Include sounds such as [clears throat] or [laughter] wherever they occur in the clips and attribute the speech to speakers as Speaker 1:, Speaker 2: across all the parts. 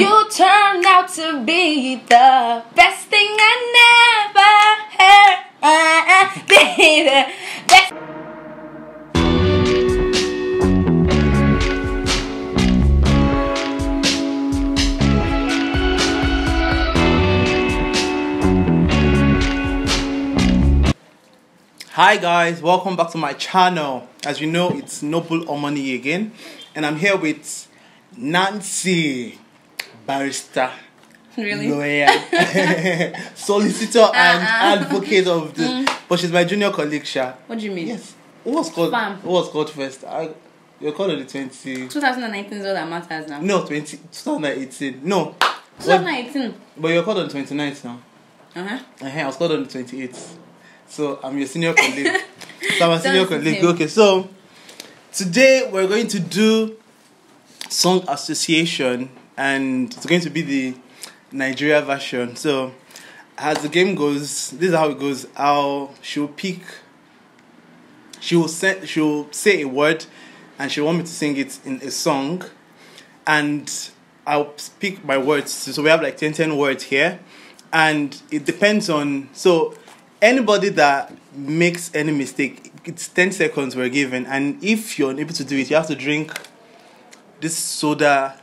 Speaker 1: You turned out to be the best thing I never had. [laughs]
Speaker 2: Hi guys, welcome back to my channel. As you know, it's Noble Omani again, and I'm here with Nancy barrister, really? lawyer, [laughs] solicitor, uh-uh. and advocate of the. Mm. But she's my junior colleague, Sha.
Speaker 1: What do you mean? Yes.
Speaker 2: Who was called? Spam. Who was called first? I, you're called on the 20...
Speaker 1: 2019 is all that matters now. No,
Speaker 2: 20, 2018. No.
Speaker 1: 2019.
Speaker 2: But, you're called on the 29th now. Uh-huh. Uh-huh. I was called on the 28th. So I'm your senior colleague. [laughs] so I'm a senior colleague. Okay, so today we're going to do song association and it's going to be the Nigeria version. So as the game goes, this is how it goes. I'll she'll pick she will say she'll say a word and she'll want me to sing it in a song and I'll pick my words. So we have like 10, 10 words here. And it depends on so anybody that makes any mistake, it's 10 seconds we're given. And if you're unable to do it, you have to drink this soda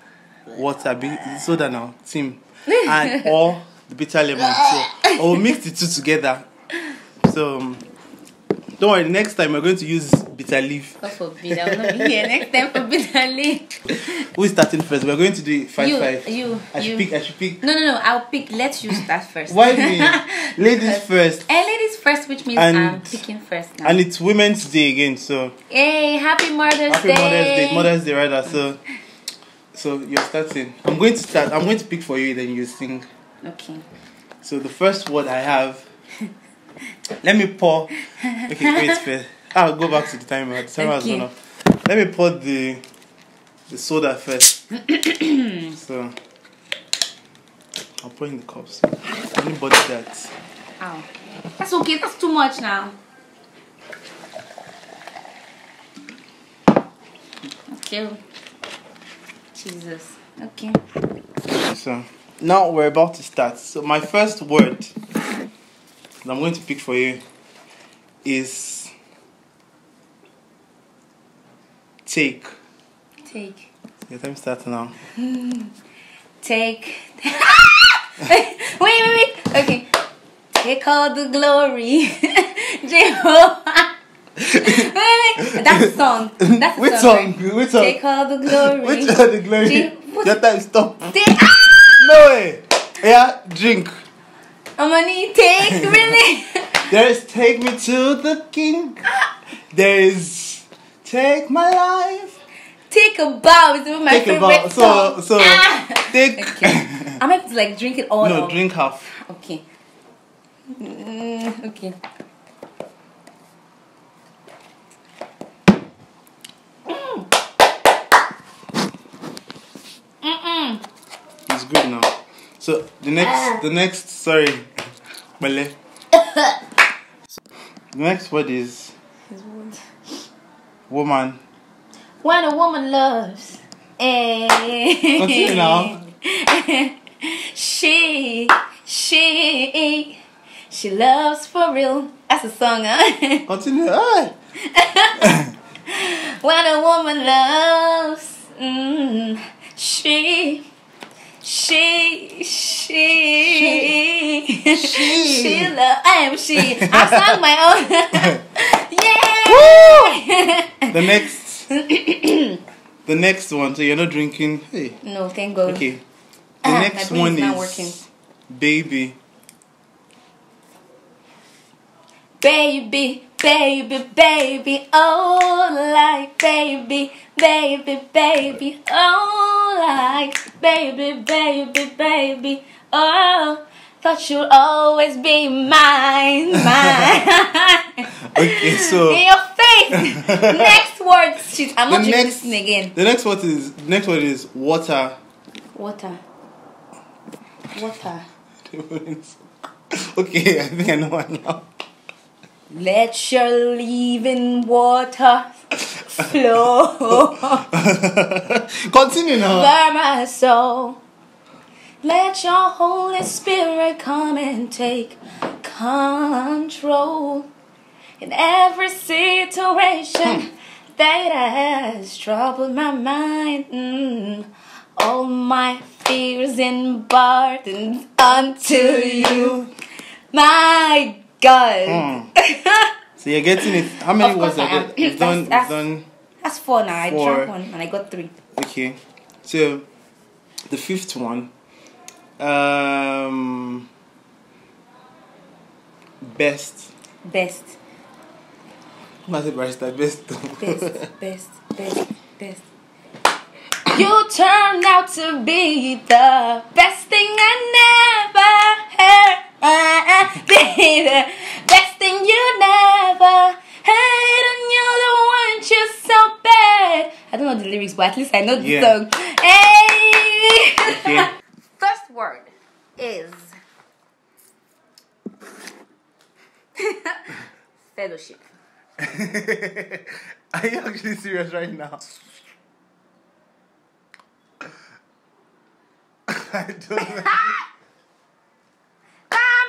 Speaker 2: water be soda now team and [laughs] or the bitter lemon so or mix the two together so um, don't worry next time we're going to use bitter leaf
Speaker 1: god forbid i will not be here next time for bitter leaf
Speaker 2: who is starting first we're going to do five you, five
Speaker 1: you i should you. pick i should pick no no no i'll pick let you start first why me
Speaker 2: [laughs] ladies first and
Speaker 1: eh, ladies first which means and, i'm picking first
Speaker 2: now. and it's women's day again so
Speaker 1: hey happy mother's happy day happy mother's day mother's
Speaker 2: day rather so [laughs] So you're starting. I'm going to start. I'm going to pick for you, then you sing. Okay. So the first word I have. let me pour.
Speaker 3: Okay, wait first.
Speaker 2: I'll [laughs] ah, go back to the timer. The timer okay. gone Let me pour the the soda first.
Speaker 3: [clears throat]
Speaker 2: so I'll pour in the cups. Anybody that.
Speaker 1: Ah, Ow. That's okay. That's too much now. Okay. Jesus. Okay.
Speaker 2: So now we're about to start. So my first word that I'm going to pick for you is take. Take. Your time starts now.
Speaker 1: [laughs] take. [laughs] wait, wait, wait. Okay. Take all the glory. [laughs] Jehovah wait, That song. That's Which song? song? Which song? Take all the
Speaker 2: [laughs] glory. Which all the glory? Drink, Your time stop. Take, ah! No way. Yeah, drink. need take [laughs] really. There's take me to the king. There's take my life. Take a bow one of my take favorite a bow. So so ah! take. Okay. I'm
Speaker 1: gonna like drink it all. No,
Speaker 2: drink half. Okay.
Speaker 1: Mm, okay. Mm.
Speaker 2: It's good now. So the next, uh. the next, sorry, Male. the next word is. Woman.
Speaker 1: When a woman loves. Continue now. [laughs] she, she, she loves for real. That's a song, huh? [laughs] Continue. [laughs] when a woman loves. Mm, she, she, she, she, she, she I am she. I sang my own.
Speaker 2: [laughs] yeah. the next,
Speaker 1: [clears throat] the
Speaker 2: next one. So you're not drinking. Hey.
Speaker 1: No, thank God.
Speaker 2: Okay. Ah, the next one is, not working. baby.
Speaker 1: Baby, Baby, baby, oh, like, baby, baby, baby, oh, like, baby, baby, baby, oh, thought you'd always be mine, [laughs] mine.
Speaker 2: okay, so. In
Speaker 1: your
Speaker 2: face! [laughs] next
Speaker 1: word, shit, I'm not next, listening again.
Speaker 2: The next word is, next word is water.
Speaker 1: Water. Water.
Speaker 2: [laughs] okay, I think I know one now.
Speaker 1: Let your living water
Speaker 3: flow. [laughs] Continue now. By
Speaker 1: my soul. Let your Holy Spirit come and take control in every situation hmm. that has troubled my mind. Mm. All my fears and burdens unto you, my God.
Speaker 2: Mm. [laughs] so you're getting it. How many was that? You've done. That's, done that's four now. Four. I dropped one and I got three. Okay. So the fifth one. Um, best. Best. I best. best, [laughs] best,
Speaker 1: best, best. You turned out to be the best thing I never heard. I, ah, I ah, best thing you never had, and you're the one just so bad. I don't know the lyrics, but at least I know the yeah. song. Hey! [laughs] First word is [laughs] fellowship.
Speaker 2: [laughs] Are you actually serious right now? I don't know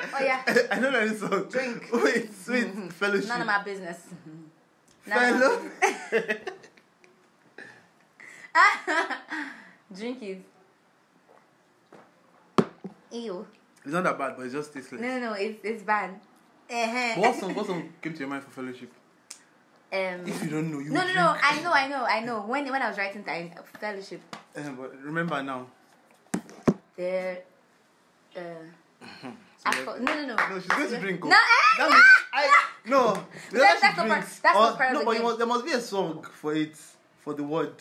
Speaker 2: oh yeah. I, know that is song. Drink. [laughs] Wait, sweet mm-hmm. fellowship. None of my business. Mm-hmm. Fellow.
Speaker 1: [laughs] Drink it. Ew.
Speaker 2: It's not that bad, but it's just tasteless. No, no,
Speaker 1: no, it's it's bad. What song? What
Speaker 2: song came to your mind for fellowship?
Speaker 1: Um, if you don't know, you no, no, no. I know, I know, I know. When when I was writing time fellowship.
Speaker 2: Uh, but remember now.
Speaker 1: There. Uh,
Speaker 2: [laughs] Alcohol. No, no, no. No, she's going to drink. No,
Speaker 1: eh, no. I, no. That's, that's, that's, part, that's or, not part of no, the but game.
Speaker 2: Must, there must be a song for it, for the word.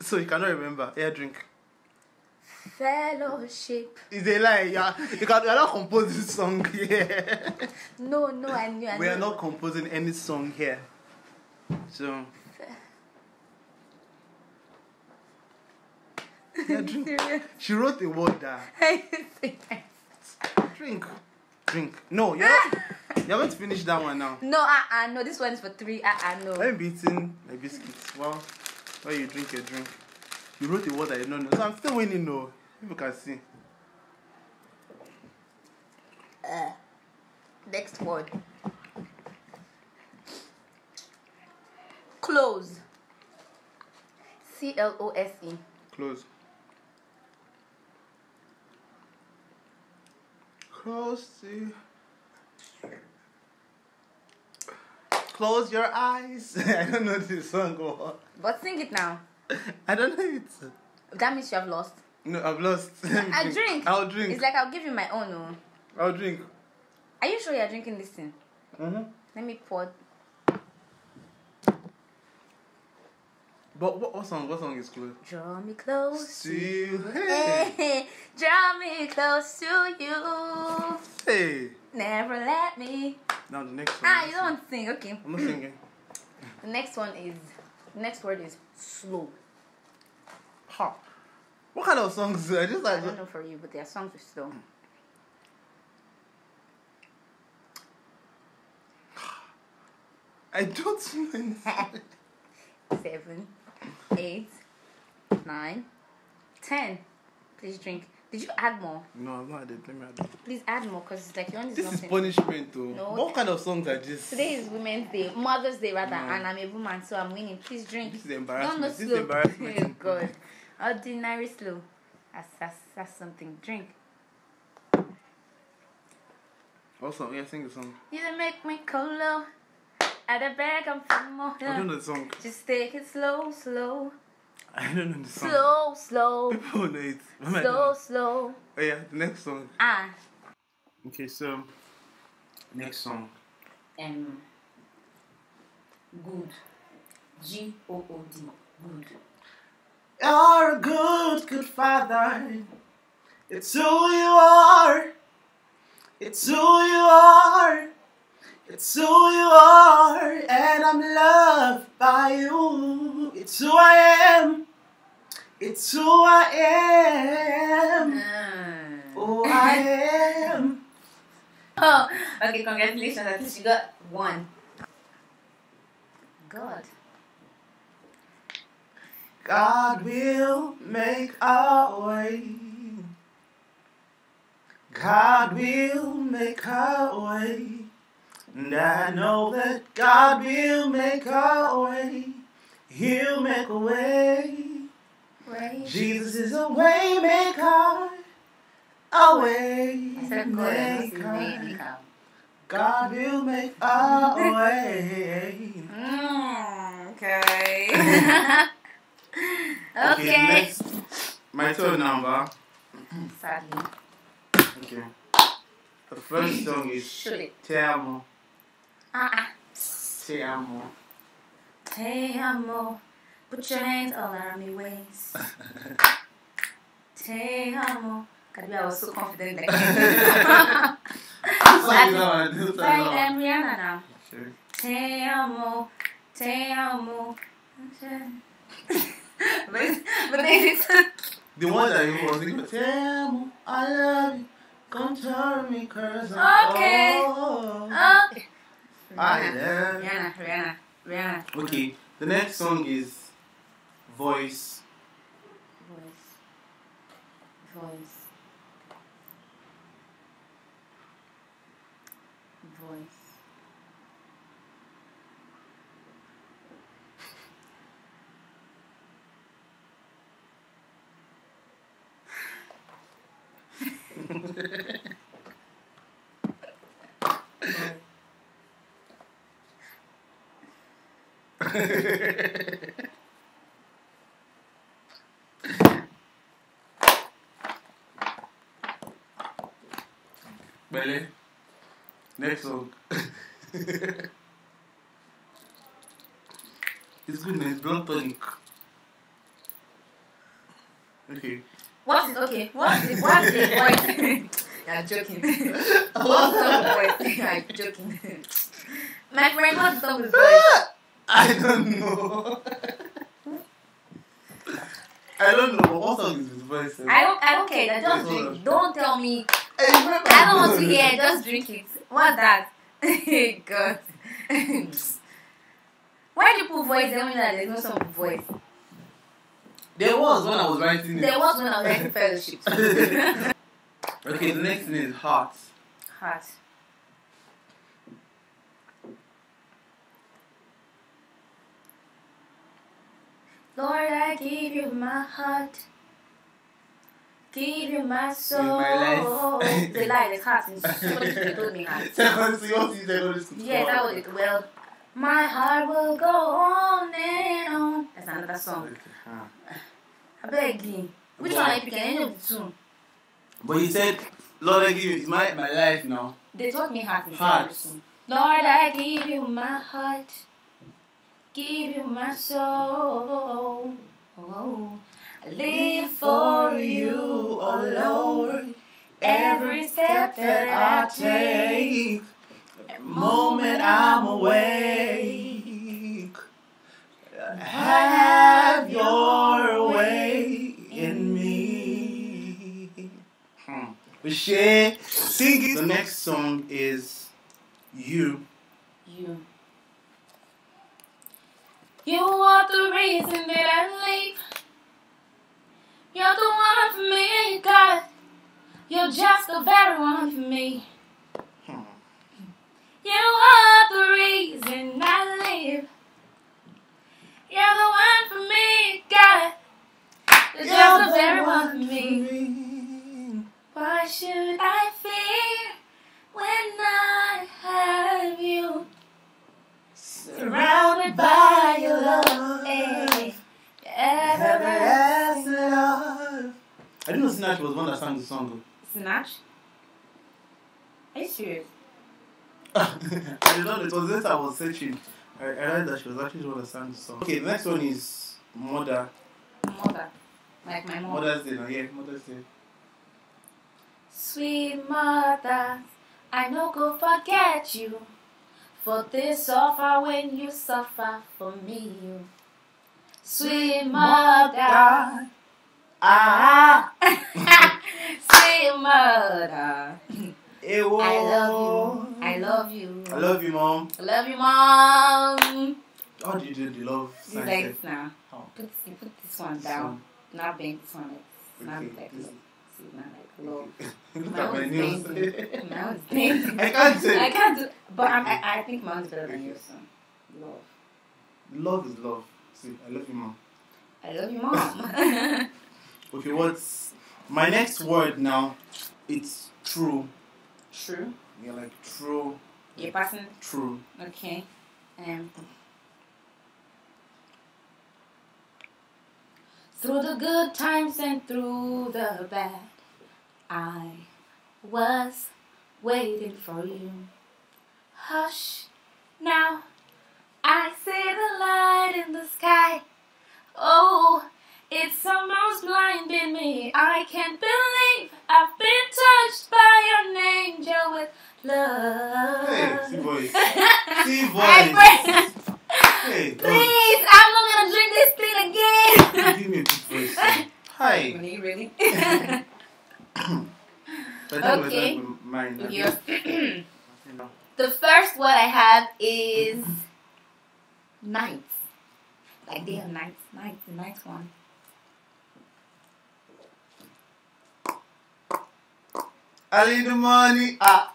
Speaker 2: So you cannot remember. air drink.
Speaker 1: Fellowship.
Speaker 2: Is a lie. Yeah, you, are not composing this song. here.
Speaker 1: No, no, I knew. I knew. We are
Speaker 2: not composing any song here. So. yeah, drink. [laughs] She wrote the word ah. [laughs] there. Drink. Drink. No, you're not, [laughs] you're going to finish that one now.
Speaker 1: No, uh-uh, no. This one's for three. Uh-uh,
Speaker 2: no. I'm beating my biscuits. Well, while you drink your drink. You wrote the word I do not know. So I'm still winning, though. you can see.
Speaker 1: Uh, next word. Close. C L O S E.
Speaker 2: Close. Close to. Close your
Speaker 1: eyes.
Speaker 2: [laughs] I don't know this song.
Speaker 1: But sing it now.
Speaker 2: [laughs] I don't know it.
Speaker 1: That means you have lost.
Speaker 2: No, I've lost. I [laughs] drink. I'll drink. It's like
Speaker 1: I'll give you my own. Oh. I'll drink. Are you sure you're drinking this thing? Mm-hmm. Let me pour
Speaker 2: But what, what song? What song is cool? Draw me close to you. Hey.
Speaker 1: hey. Draw me close to you. Hey. Never let me.
Speaker 2: Now the next one. Ah,
Speaker 1: you don't sing. sing. Okay. I'm not singing. [clears throat] The next one is. The next word is slow. Ha. What kind of songs? I just like. I don't know for you, but their songs are slow. Hmm. [sighs] I don't. [laughs] [laughs] Seven eight, nine, ten. Please drink. Did you add more?
Speaker 2: No, i am not added. Let me add.
Speaker 1: Please add more because it's like you are This nothing. is
Speaker 2: punishment, though. No. What kind of songs are this? Today
Speaker 1: is Women's Day, Mother's Day rather, no. and I'm a woman, so I'm winning. Please drink. This is embarrassment. Don't slow. This is embarrassing. [laughs] oh God, ordinary slow. That's, that's, that's something. Drink.
Speaker 2: Awesome. Yeah, sing the song.
Speaker 1: You make me cold. At the back, I'm from more. I don't know the song. Just take it slow, slow.
Speaker 2: [laughs] I don't know the song.
Speaker 1: Slow, slow. [laughs] People
Speaker 2: know it. Remember slow, slow. Oh yeah, the next song. Ah. Okay, so next song. Um.
Speaker 3: Good. G O O D. Good. You're a good, good father. It's who you are. It's who you are. It's who you are, and I'm loved by you. It's who I am. It's who I am. Mm. Who I [laughs] am.
Speaker 1: oh, okay, congratulations. I think you got one.
Speaker 3: God. God will make a way. God will make a way.
Speaker 2: And I know that
Speaker 3: God will make a way. He'll make a way. Jesus is a way maker. A way maker. God will make a way. [laughs]
Speaker 1: Mm, okay.
Speaker 3: [laughs] okay. okay. Next,
Speaker 2: my turn, number. Sadly. Okay. The first song is Tell Me. Uh-uh. Te amo.
Speaker 1: Te amo. Put your hands all around me waist. [laughs] Te amo. God, I was so confident like that. Sorry, I'm Rihanna now. Sure. Te amo. Te amo. but, but did
Speaker 2: The one that you was thinking, Te
Speaker 3: amo, I love you. Come turn me, cause I'm Okay. Old.
Speaker 1: Okay.
Speaker 2: Hi ah, there.
Speaker 3: Rihanna, Rihanna,
Speaker 2: Rihanna. Okay, the next song is Voice.
Speaker 3: Voice. Voice. Bailey, [laughs]
Speaker 2: next song. [laughs] it's good, man. It's brown tonic. Okay.
Speaker 1: What is okay? What is what is the point? You're joking. What's the point?
Speaker 2: You're joking. [laughs]
Speaker 1: My friend, what's the point?
Speaker 2: I don't know. I don't know. What song is voice? I don't.
Speaker 1: I don't care. Just drink. Don't tell me. I don't want to hear. Just drink it. What's that? [laughs] God. [laughs] Why do you put voice then That there's no song with voice?
Speaker 2: There was when I was writing. It. There was when I was writing fellowship. [laughs] okay, the next thing is heart.
Speaker 1: Heart. Lord, I give you my heart. Give you my soul. [laughs] The light [laughs] like the class in 2022, Yeah, that was it. Well, my heart will go on and on.
Speaker 2: That's another song. I
Speaker 1: beg you. Which one are you picking? Any of the two?
Speaker 2: But you said, Lord, I give you my, my life now.
Speaker 1: They taught me heart. Heart. Lord, I give you my heart give you my soul. I live for you, oh Lord. Every step that I
Speaker 3: take, every moment I'm awake, have your way in
Speaker 2: me. Hmm. share. Sing it. The next song is You. You.
Speaker 1: You are the reason that I leave. You're the one for me, God. You're just the very one for me.
Speaker 2: was searching, I realized that she was actually the one that sang the song. Okay, the next one is Mother.
Speaker 1: Mother. Like my mom. Mother's Day, no?
Speaker 2: yeah, Mother's Day.
Speaker 1: Sweet mother, I no go forget you. For this suffer when you suffer for me. You.
Speaker 3: Sweet mother. [laughs]
Speaker 1: Ah. Sweet mother. [laughs] I love you. I love you.
Speaker 2: I love you, mom. I
Speaker 1: love you, mom.
Speaker 2: How do you do the love? You like now. Oh. Put, you put this one down.
Speaker 1: So. Not bang this
Speaker 2: one. It's okay. not like love. See, not like
Speaker 1: love. Look at my nails. my one's [laughs] I can't do. I can't do. But I'm, I, I think mine's better than yours. son. Love.
Speaker 2: Love is love. See, I love you, mom. I love you, mom. [laughs] okay, what's my next word now? It's true. True. You're like true. You're passing. True.
Speaker 1: Okay. Um. Through the good times and through the bad, I was waiting for you. Hush, now I see the light in the sky. Oh. It's almost blinding me. I can't believe I've been touched by an angel with love. Hey,
Speaker 3: see voice. [laughs] see voice.
Speaker 1: Hey, Please, oh. I'm not gonna drink this thing again. Give me a good
Speaker 3: voice. Hi. Hi. [laughs]
Speaker 1: Really, really. [laughs]
Speaker 3: [coughs] okay. Mine. Yes. [coughs]
Speaker 1: the first one I have is [coughs] nights. Like day and nights, nights, nights one. early in the morning, ah,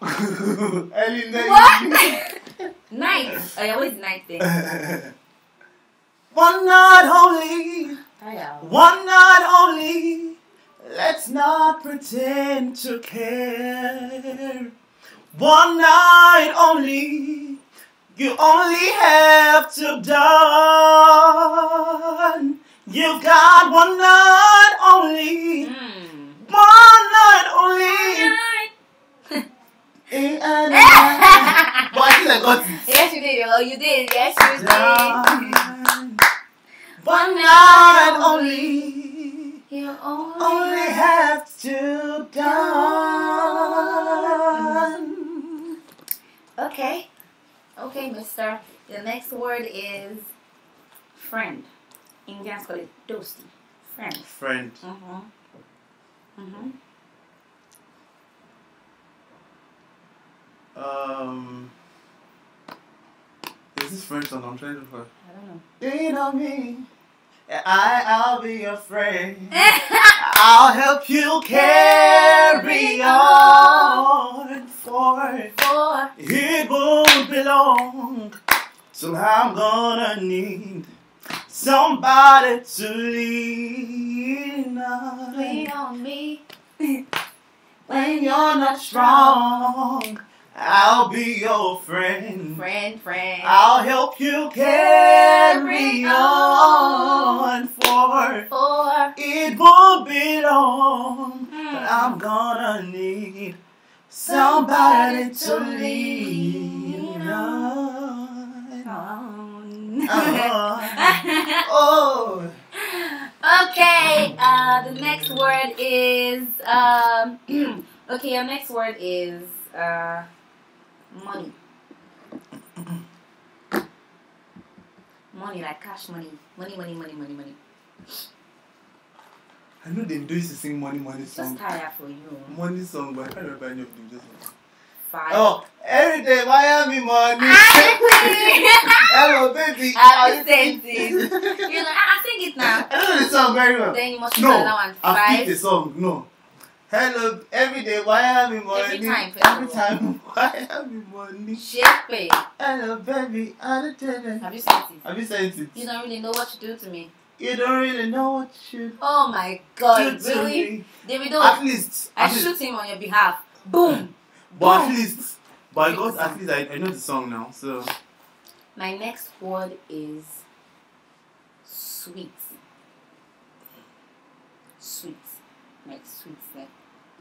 Speaker 3: early in the what? [laughs] night. Oh, yeah, what is night thing?
Speaker 2: [laughs]
Speaker 3: One night only. One night only. Let's not pretend to care. One night only. You only have to done. You've got one night only. Mm. One night only but
Speaker 1: I think I got it. Yes, you did. Oh, you did. Yes, you did.
Speaker 3: One night and only.
Speaker 1: You only, only have
Speaker 3: to done.
Speaker 1: Okay. Okay, mister. The next word is friend. Indians call it dosti. Friend.
Speaker 2: Friend. Mm-hmm. Mm-hmm. Um, is this French song I'm trying to find.
Speaker 3: I don't know. Do you me? I, I'll be your friend. [laughs] I'll help you carry on. For, for it won't be long So I'm gonna need somebody to lean on. Lean on me when you're not strong. I'll be your friend. Friend, friend. I'll help you carry on. For, for it won't be long. Mm. But hmm. I'm gonna need somebody, somebody to lean on. on. Uh, [laughs] oh.
Speaker 1: Okay, uh, the next word is, um, [clears throat] okay, our next word is, uh, money. money, like cash money. Money, money, money, money, money.
Speaker 2: I know they do used to sing money, money song. Just tired for you. Money song, but I can't remember any of them. Just one. Five. Oh,
Speaker 3: every day, why am I money? Ah, [laughs] Hello, baby. i was dancing.
Speaker 1: You know, I, I sing it now. I know the song very well. Then you must no, know another one. Five. I picked the
Speaker 2: song. No.
Speaker 3: Hello, every day, why have me money? Every time, every time, why have me money? Shape Hello, baby, I am a tell Have you sent
Speaker 2: it? Have you sent it?
Speaker 1: You don't really know what you do to me. You don't really know what you. Oh my God! Do really, to don't. At least I shoot him on your behalf.
Speaker 2: Boom. But Boom. at least, but I got at least I, I know the song now. So.
Speaker 1: My next word is sweet. Sweet, like sweet, like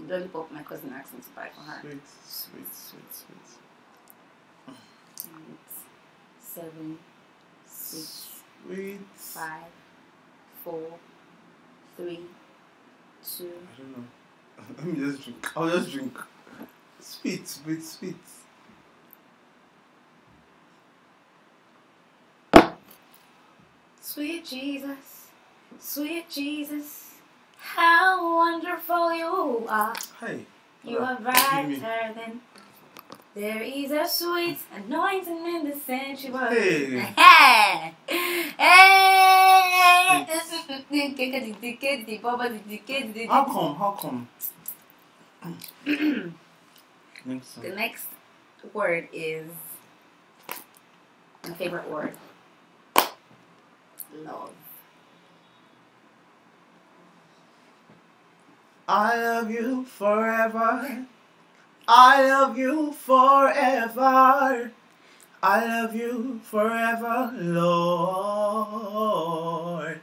Speaker 1: really both my cousin accent to buy for her. Sweet, sweet, sweet, sweet. Eight, seven, six, sweet. five, four, three,
Speaker 2: two. I don't know. Let [laughs] me just drink. I'll just drink. Sweet, sweet, sweet.
Speaker 1: Sweet Jesus, sweet Jesus. How wonderful you are.
Speaker 3: Hey. You are brighter
Speaker 1: than. There is a sweet anointing in the sanctuary. Hey. [laughs] hey. [laughs] How come?
Speaker 2: How come? the
Speaker 1: next word is my favorite word.
Speaker 3: Love. I love you forever. I love you forever. I love you forever, Lord.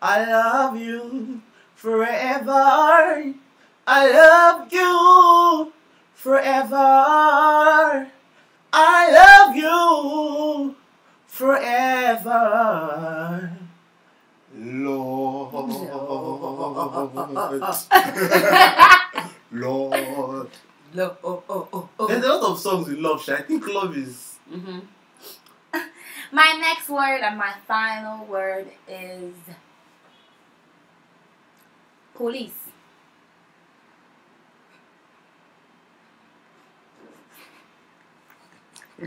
Speaker 3: I love you forever. I love you forever. I love you forever.
Speaker 2: Lord. Lord. Lord.
Speaker 3: Oh, oh, oh, oh. There's a lot
Speaker 2: of songs with love. I think love is. Mm-hmm.
Speaker 1: [laughs] my next word and my final word is police.
Speaker 2: [laughs] you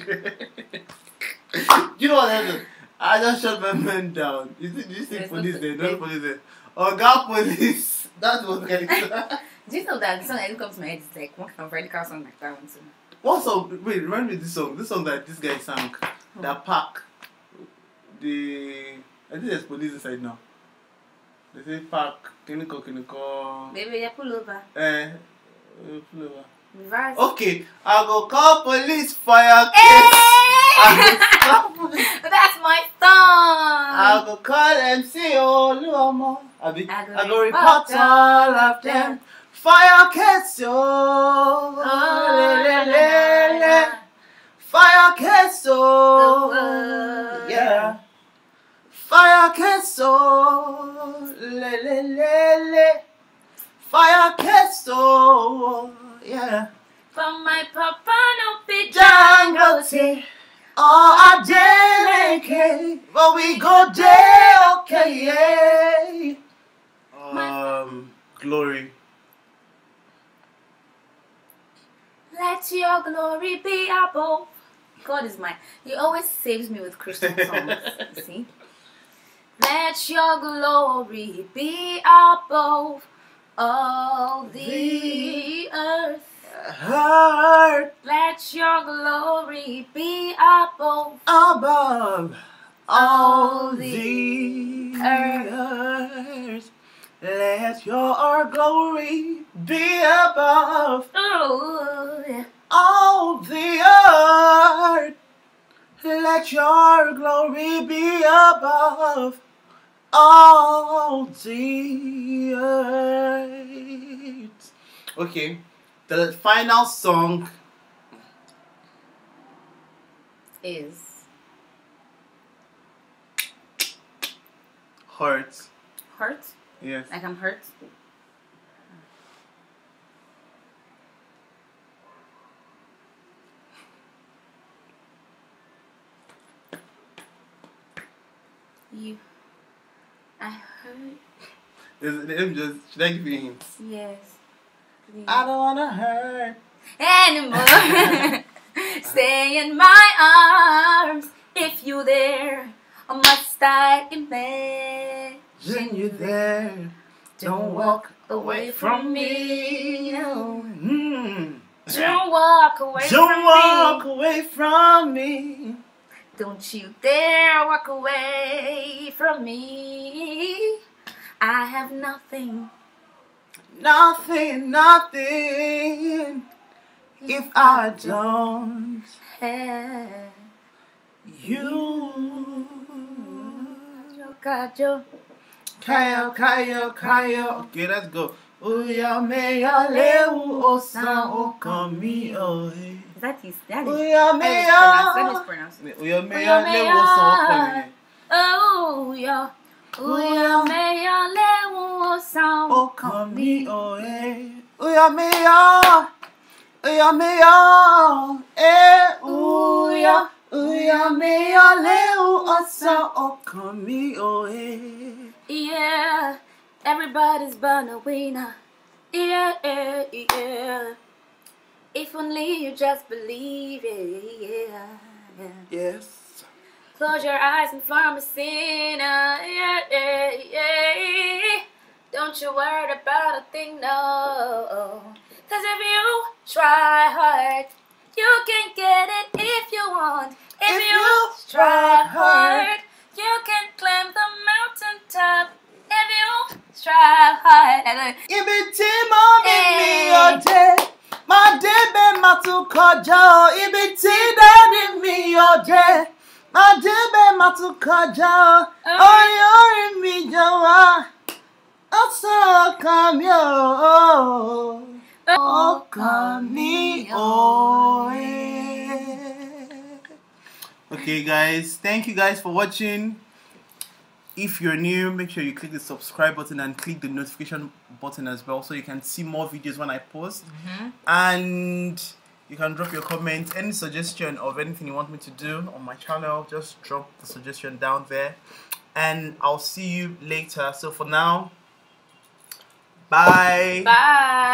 Speaker 2: know what happened? Ah, I just shut my man down. You see, do you see There's police no, there? Not police there. Oga oh, police. [laughs] That was [laughs] like.
Speaker 1: do you know that the song that comes to my head is like one kind of radical song like that one too?
Speaker 2: What song? Wait, remind me this song. This song that this guy sang. Oh. That park. The I think there's police inside now. They say park. Can Can you call? you call?
Speaker 1: Baby, yeah, pull over.
Speaker 2: Eh, eh pull over.
Speaker 1: Reverse. Okay,
Speaker 2: I go call
Speaker 3: police fire case. Hey! [laughs] That's my song. I go call MC Oluomo. I, be, I, go, I go report all of them. them. Fire case, yo. Oh, oh, le, le, le, le. Fire case, oh. Yeah. Fire case, oh. But we go day okay.
Speaker 2: Um, glory.
Speaker 1: Let your glory be above. God is mine. He always saves me with Christian songs. see? [laughs] Let your glory be above all the, the earth. Heart. Let
Speaker 3: your glory be above. Above all the earth. Let your glory be above oh. all the earth. Let your glory be above all the earth.
Speaker 2: Okay, the final song is Hurt. Hurt? Yes. Like I'm hurt?
Speaker 1: You. I hurt.
Speaker 2: Is it him just snake beans?
Speaker 1: Yes. Please. I don't wanna hurt anymore. [laughs] Stay in my arms if you there. I must I imagine
Speaker 3: you there. Don't walk away from
Speaker 1: me.
Speaker 3: Mm-hmm. Don't
Speaker 1: walk away Don't from walk me. away from me. Don't you dare walk away from me. I have nothing.
Speaker 3: Nothing, nothing. If I don't have you
Speaker 1: cayo.
Speaker 2: Cayo, cayo, cayo. Okay, let's go.
Speaker 3: Uya me ya leu o san o camio. Is that his daddy? Uya me ya. Let
Speaker 2: me Uya
Speaker 1: me ya leu o san o camio. Oh, yeah.
Speaker 3: Uya me
Speaker 1: ya leu o san o
Speaker 3: camio. Uya me ya. Uya me ya. Eh, uya. Yeah, everybody's born a winner.
Speaker 1: Yeah, yeah, yeah. If only you just believe it. Yeah, yeah. Yes. Close your eyes and form a sinner. Yeah, yeah, yeah. Don't you worry about a thing, no. Cause if you try hard, you can get it if you want. If, if you, you strive hard, you can climb the mountain top. If you strive hard.
Speaker 3: Give me team on me your dead, My dead man my to kaja. If it's that in me your dead, My dead man my to kaja. Oh, you're in me, Jawa. Also, come yo okay
Speaker 2: guys thank you guys for watching if you're new make sure you click the subscribe button and click the notification button as well so you can see more videos when i post mm -hmm. and you can drop your comments, any suggestion of anything you want me to do on my channel just drop the suggestion down there and i'll see you later so for now bye bye